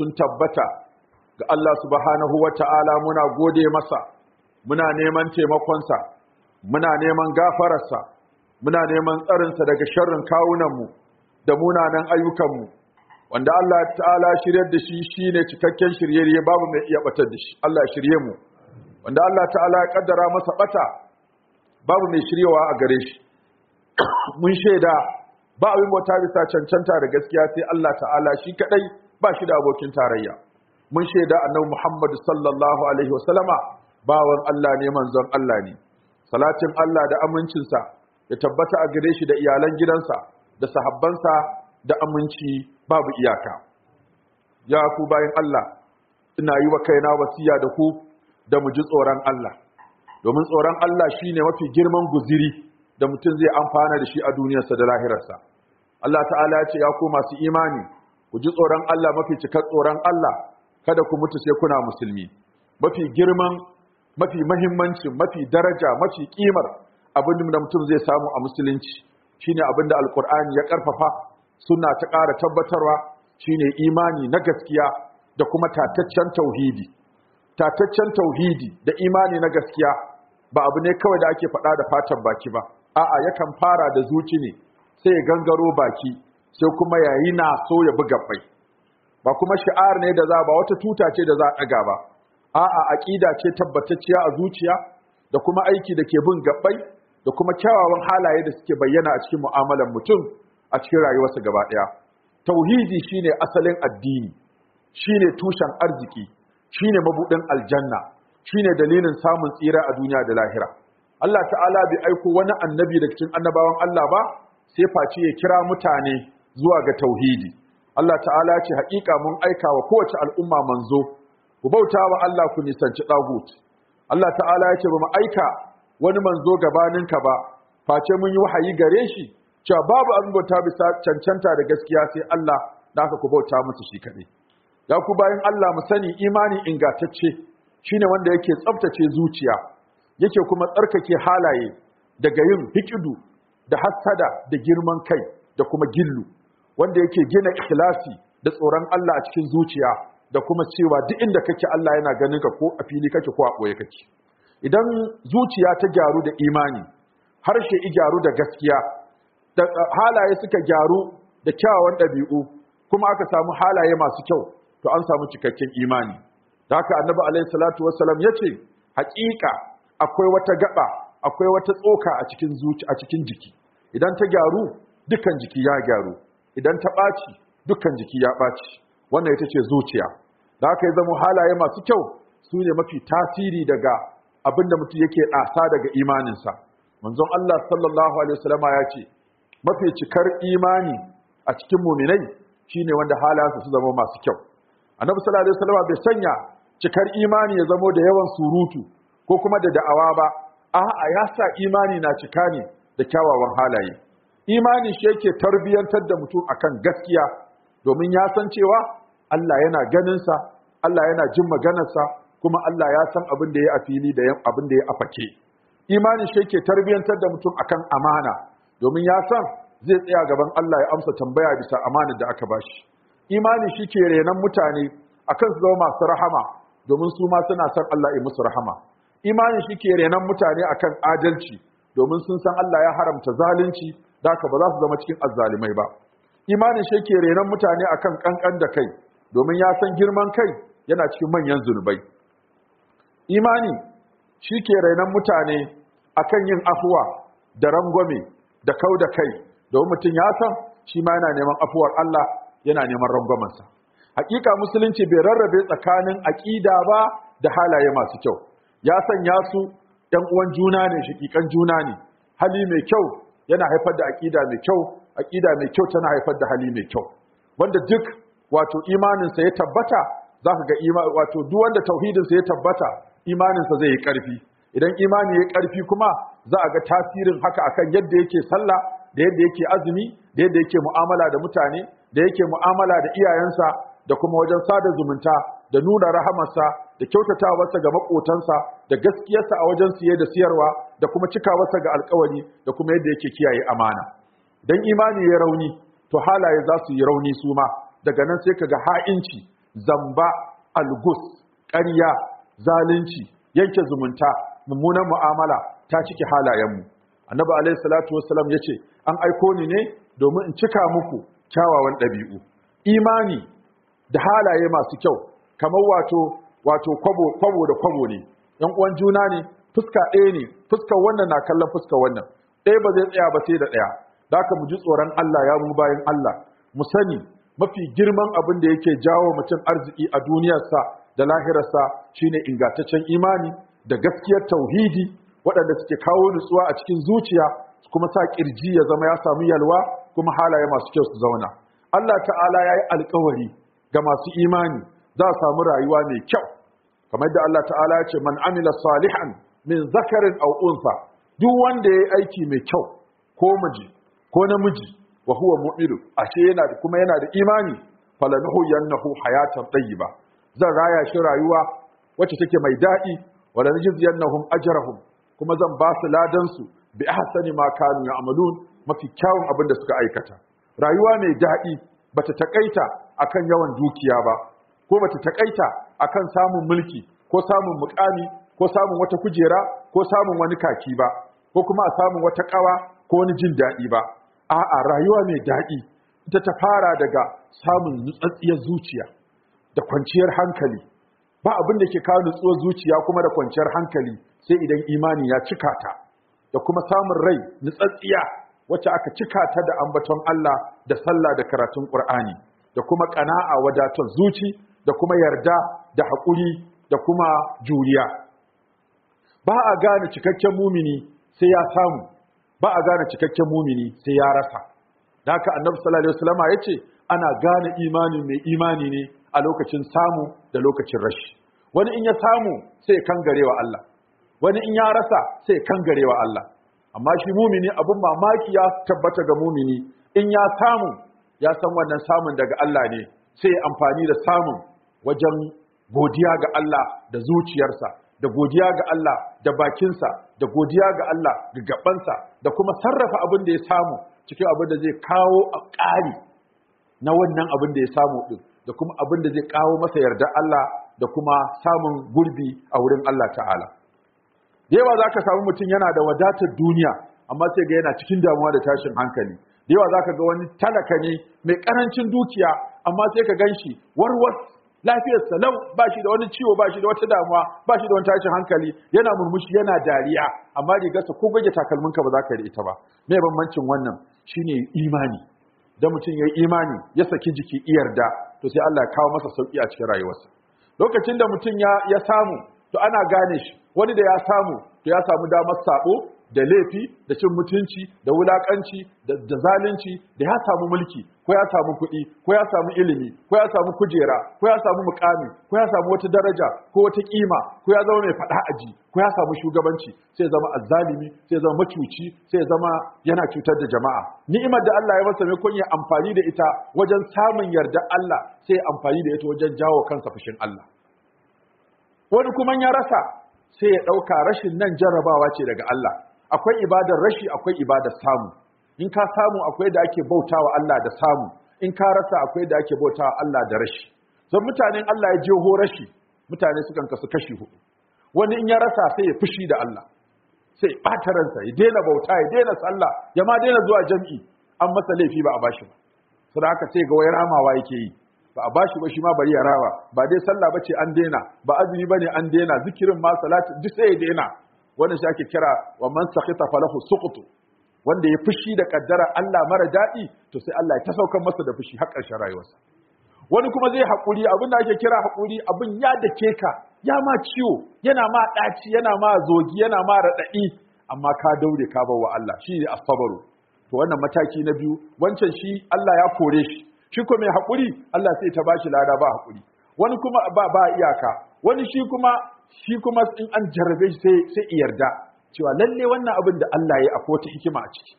sun tabbata ga Allah subhanahu wa ta'ala muna gode masa muna neman taimakonsa muna neman gafararsa muna neman tsarinsa daga sharrin kawunanmu da munanan ayyukanmu wanda Allah ta'ala shiryar da shi shine cikakken shirye shiryayye babu mai iya batar da shi Allah shirye mu wanda Allah ta'ala ya kaddara masa bata babu mai shiryewa a gare shi mun shaida ba abin bauta bisa cancanta da gaskiya sai Allah ta'ala shi kadai ba shi da abokin tarayya mun shaida annabi Muhammad sallallahu alaihi wasallama bawan Allah ne manzon Allah ne salatin Allah da amincinsa ya tabbata a gare shi da iyalan gidansa da sahabbansa da aminci babu iyaka ya ku bayin Allah ina yi wa kaina wasiya da ku da mu ji tsoron Allah domin tsoron Allah shine mafi girman guziri da mutum zai amfana da shi a duniyarsa da lahirarsa Allah ta'ala ya ce ya ku masu imani ku ji tsoron Allah mafi cikar tsoron Allah kada ku mutu sai kuna musulmi mafi girman mafi mahimmanci mafi daraja mafi kimar abin da mutum zai samu a musulunci shine abin da alkur'ani ya karfafa suna ta ƙara tabbatarwa shine imani na gaskiya da kuma tataccen tauhidi tataccen tauhidi da imani na gaskiya ba abu ne kawai da ake faɗa da fatan baki ba a'a yakan fara da zuci ne sai ya gangaro baki sai kuma yayi na so ya buga bai ba kuma shi'ar ne da za ba wata tuta ce da za a ga ba a'a aqida ce tabbatacciya a zuciya da kuma aiki da ke bin gabbai da kuma kyawawan halaye da suke bayyana a cikin mu'amalar mutum a cikin rayuwarsa gaba daya tauhidi shine asalin addini shine tushen arziki shine mabudin aljanna shine dalilin samun tsira a duniya da lahira Allah ta'ala bai aiko wani annabi da cikin annabawan Allah ba sai face ya kira mutane zuwa ga tauhidi Allah ta'ala ce haƙiƙa mun aika wa kowace al'umma manzo ku bauta wa Allah ku nisanci ɗagut Allah ta'ala ya ce ba mu aika wani manzo ka ba face mun yi wahayi gare shi cewa babu abin bauta bisa cancanta da gaskiya sai Allah da aka ku bauta musu shi kaɗai ya ku bayan Allah mu sani imani ingantacce shine wanda yake tsaftace zuciya yake kuma tsarkake halaye daga yin hikidu da hassada da girman kai da kuma gillu wanda yake gina ikhlasi da tsoron Allah a cikin zuciya da kuma cewa duk inda kake Allah yana ganin ka ko a fili kake ko a boye kake idan zuciya ta gyaru da imani harshe i gyaru da gaskiya da halaye suka gyaru da kyawawan ɗabi'u kuma aka samu halaye masu kyau to an samu cikakken imani da haka annabi alaihi salatu wassalam yace haƙiƙa akwai wata gaba akwai wata tsoka a cikin zuci a cikin jiki idan ta gyaru dukan jiki ya gyaru idan ta ɓaci dukkan jiki ya ɓaci wannan ita ce zuciya da aka yi zama halaye masu kyau su ne mafi tasiri daga abinda da mutum yake ɗasa daga imaninsa manzon Allah sallallahu alaihi wasallama ya ce mafi cikar imani a cikin muminai shine wanda halayensa su zama masu kyau annabi sallallahu alaihi wasallama bai sanya cikar imani ya zamo da yawan surutu ko kuma da da'awa ba a'a ya sa imani na cika ne da kyawawan halaye imani shi yake tarbiyantar da mutum akan gaskiya domin ya san cewa Allah yana ganinsa Allah yana jin maganarsa kuma Allah ya san abin da ya a fili da abin da ya a fake imani shi yake tarbiyantar da mutum akan amana domin ya san zai tsaya gaban Allah ya amsa tambaya bisa amanar da aka bashi imani shi ke renon mutane akan su zama masu rahama domin su ma suna san Allah ya musu rahama imani shi ke renon mutane akan adalci domin sun san Allah ya haramta zalunci daka ba za su zama cikin azzalimai ba imanin shi ke renon mutane akan kankan da kai domin ya san girman kai yana cikin manyan zunubai imani shi ke renon mutane akan yin afuwa da rangwame da kau da kai domin mutum ya san shi ma yana neman afuwar Allah yana neman rangwamansa hakika musulunci bai rarrabe tsakanin aƙida ba da halaye masu kyau ya sanya su ‘yan uwan juna ne shikikan juna ne hali mai kyau yana haifar da aƙida mai kyau aƙida mai kyau tana haifar da hali mai kyau wanda duk wato imaninsa ya tabbata za ka ga wato duk wanda tauhidinsa ya tabbata imaninsa zai yi ƙarfi idan imani ya yi ƙarfi kuma za a ga tasirin haka akan yadda yake sallah da yadda yake azumi da yadda yake mu'amala da mutane da yake mu'amala da iyayensa da kuma wajen sada zumunta da nuna rahamarsa da kyautatawarsa ga makotansa da gaskiyarsa a wajen siye da siyarwa da kuma cikawarsa ga alkawari da kuma yadda yake kiyaye amana dan imani ya rauni to halaye za su yi rauni su ma daga nan sai kaga ha'inci zamba algus ƙarya zalunci yanke zumunta mummunan mu'amala ta cike halayenmu annabi alayhi salatu wassalam yace an aiko ni ne domin in cika muku kyawawan ɗabi'u imani da halaye masu kyau kamar wato wato kwabo kwabo da kwabo ne yan uwan juna ne fuska ɗaya ne fuskar wannan na kallon fuska wannan ɗaya ba zai tsaya ba sai da ɗaya da haka mu ji tsoron Allah ya mu bayan Allah mu sani mafi girman abin da yake jawo mutum arziki a duniyarsa da lahirarsa shine ingantaccen imani da gaskiyar tauhidi waɗanda suke kawo nutsuwa a cikin zuciya kuma sa kirji ya zama ya samu yalwa kuma halaye masu kyau su zauna Allah ta'ala ya yi alkawari ga masu imani za a samu rayuwa mai kyau kamar yadda Allah ta'ala ya ce man amila salihan min zakarin aw unsa duk wanda yayi aiki mai kyau ko miji ko namiji wa huwa mu'minu ashe yana kuma yana da imani falanuhu yanahu hayatan tayyiba zan raya shi rayuwa wacce take mai daɗi wa lanajziyannahum ajrahum kuma zan ba su ladan su bi ahsani ma kanu ya'malun mafi kyawun abin da suka aikata rayuwa mai daɗi bata takaita akan yawan dukiya ba ko bata takaita akan samun mulki ko samun mukami ko samun wata kujera ko samun wani kaki ba ko kuma a samun wata kawa ko wani jin daɗi ba a'a rayuwa mai daɗi ita ta fara daga samun nutsatsiyar zuciya da kwanciyar hankali ba abin da ke kawo nutsuwar zuciya kuma da kwanciyar hankali sai idan imani ya cika ta da kuma samun rai nutsatsiya wacce aka cika ta da ambaton Allah da sallah da karatun Qur'ani da kuma ƙana'a wadatar zuci da kuma yarda da haƙuri da kuma juriya ba a gane cikakken mumini sai ya samu ba a gane cikakken mumini sai ya rasa da haka annabi sallallahu alaihi wasallama yace ana gane imani mai imani ne a lokacin samu da lokacin rashi wani in ya samu sai ya kangarewa Allah wani in ya rasa sai ya kangarewa Allah amma shi mumini abun mamaki ya tabbata ga mumini in ya samu ya san wannan samun daga Allah ne sai amfani da samun wajen godiya ga Allah da zuciyarsa da godiya ga Allah da bakinsa da godiya ga Allah ga gabansa da kuma sarrafa abin da ya samu cikin abin da zai kawo a ƙari na wannan abin da ya samu din da kuma abin da zai kawo masa yarda Allah da kuma samun gurbi a wurin Allah ta'ala yawa za ka samu mutum yana da wadatar duniya amma sai ga yana cikin damuwa da tashin hankali yawa za ka ga wani talaka ne mai ƙarancin dukiya amma sai ka gan shi warwas lafiyar salau ba shi da wani ciwo ba shi da wata damuwa ba shi da wani tashin hankali yana murmushi yana dariya amma rigarsa ko takalmin ka ba za ka yi ita ba me bambancin wannan shine imani da mutum ya yi imani ya saki jiki iyarda to sai Allah ya kawo masa sauki a cikin rayuwarsa lokacin da mutum ya ya samu to ana gane shi wani da ya samu to ya samu damar sabo da laifi da cin mutunci da wulakanci da zalunci da ya samu mulki ko ya samu kuɗi ko ya samu ilimi ko ya samu kujera ko ya samu mukami ko ya samu wata daraja ko wata kima ko ya zama mai faɗa aji ko ya samu shugabanci sai zama azzalimi sai zama macuci sai zama yana cutar da jama'a ni'imar da Allah ya masa mai kun ya amfani da ita wajen samun yarda Allah sai amfani da ita wajen jawo kansa fushin Allah wani kuma ya rasa sai ya ɗauka rashin nan jarrabawa ce daga Allah akwai ibadar rashi akwai ibadar samu in ka samu akwai da ake bauta wa Allah da samu in ka rasa akwai da ake bauta wa Allah da rashi don mutanen Allah ya je ho rashi mutane sukan kasu kashi hudu wani in ya rasa sai ya fushi da Allah sai ɓata ransa ya daina bauta ya daina sallah ya ma daina zuwa jam'i an masa laifi ba a bashi ba sai haka sai ga wai ramawa yake yi ba a bashi ba shi ma bari ya rawa ba dai sallah bace an daina ba azumi bane an daina zikirin ma salati duk sai ya daina wannan shi ake kira wa man sakhita falahu suqtu wanda ya fushi da kaddara Allah mara dadi to sai Allah ya tasaukan masa da fushi har ƙarshen rayuwarsa wani kuma zai hakuri abin da ake kira hakuri abin ya dake ka ya ma ciwo yana ma ɗaci yana ma zogi yana ma raɗaɗi amma ka daure ka bawa Allah shi ne asabaru to wannan mataki na biyu wancan shi Allah ya kore shi shi kuma mai hakuri Allah sai ta bashi lada ba hakuri wani kuma ba ba iyaka wani shi kuma shi kuma in an jarabe sai iyarda yarda cewa lalle wannan abin da Allah ya yi akwai kotu hikima a ciki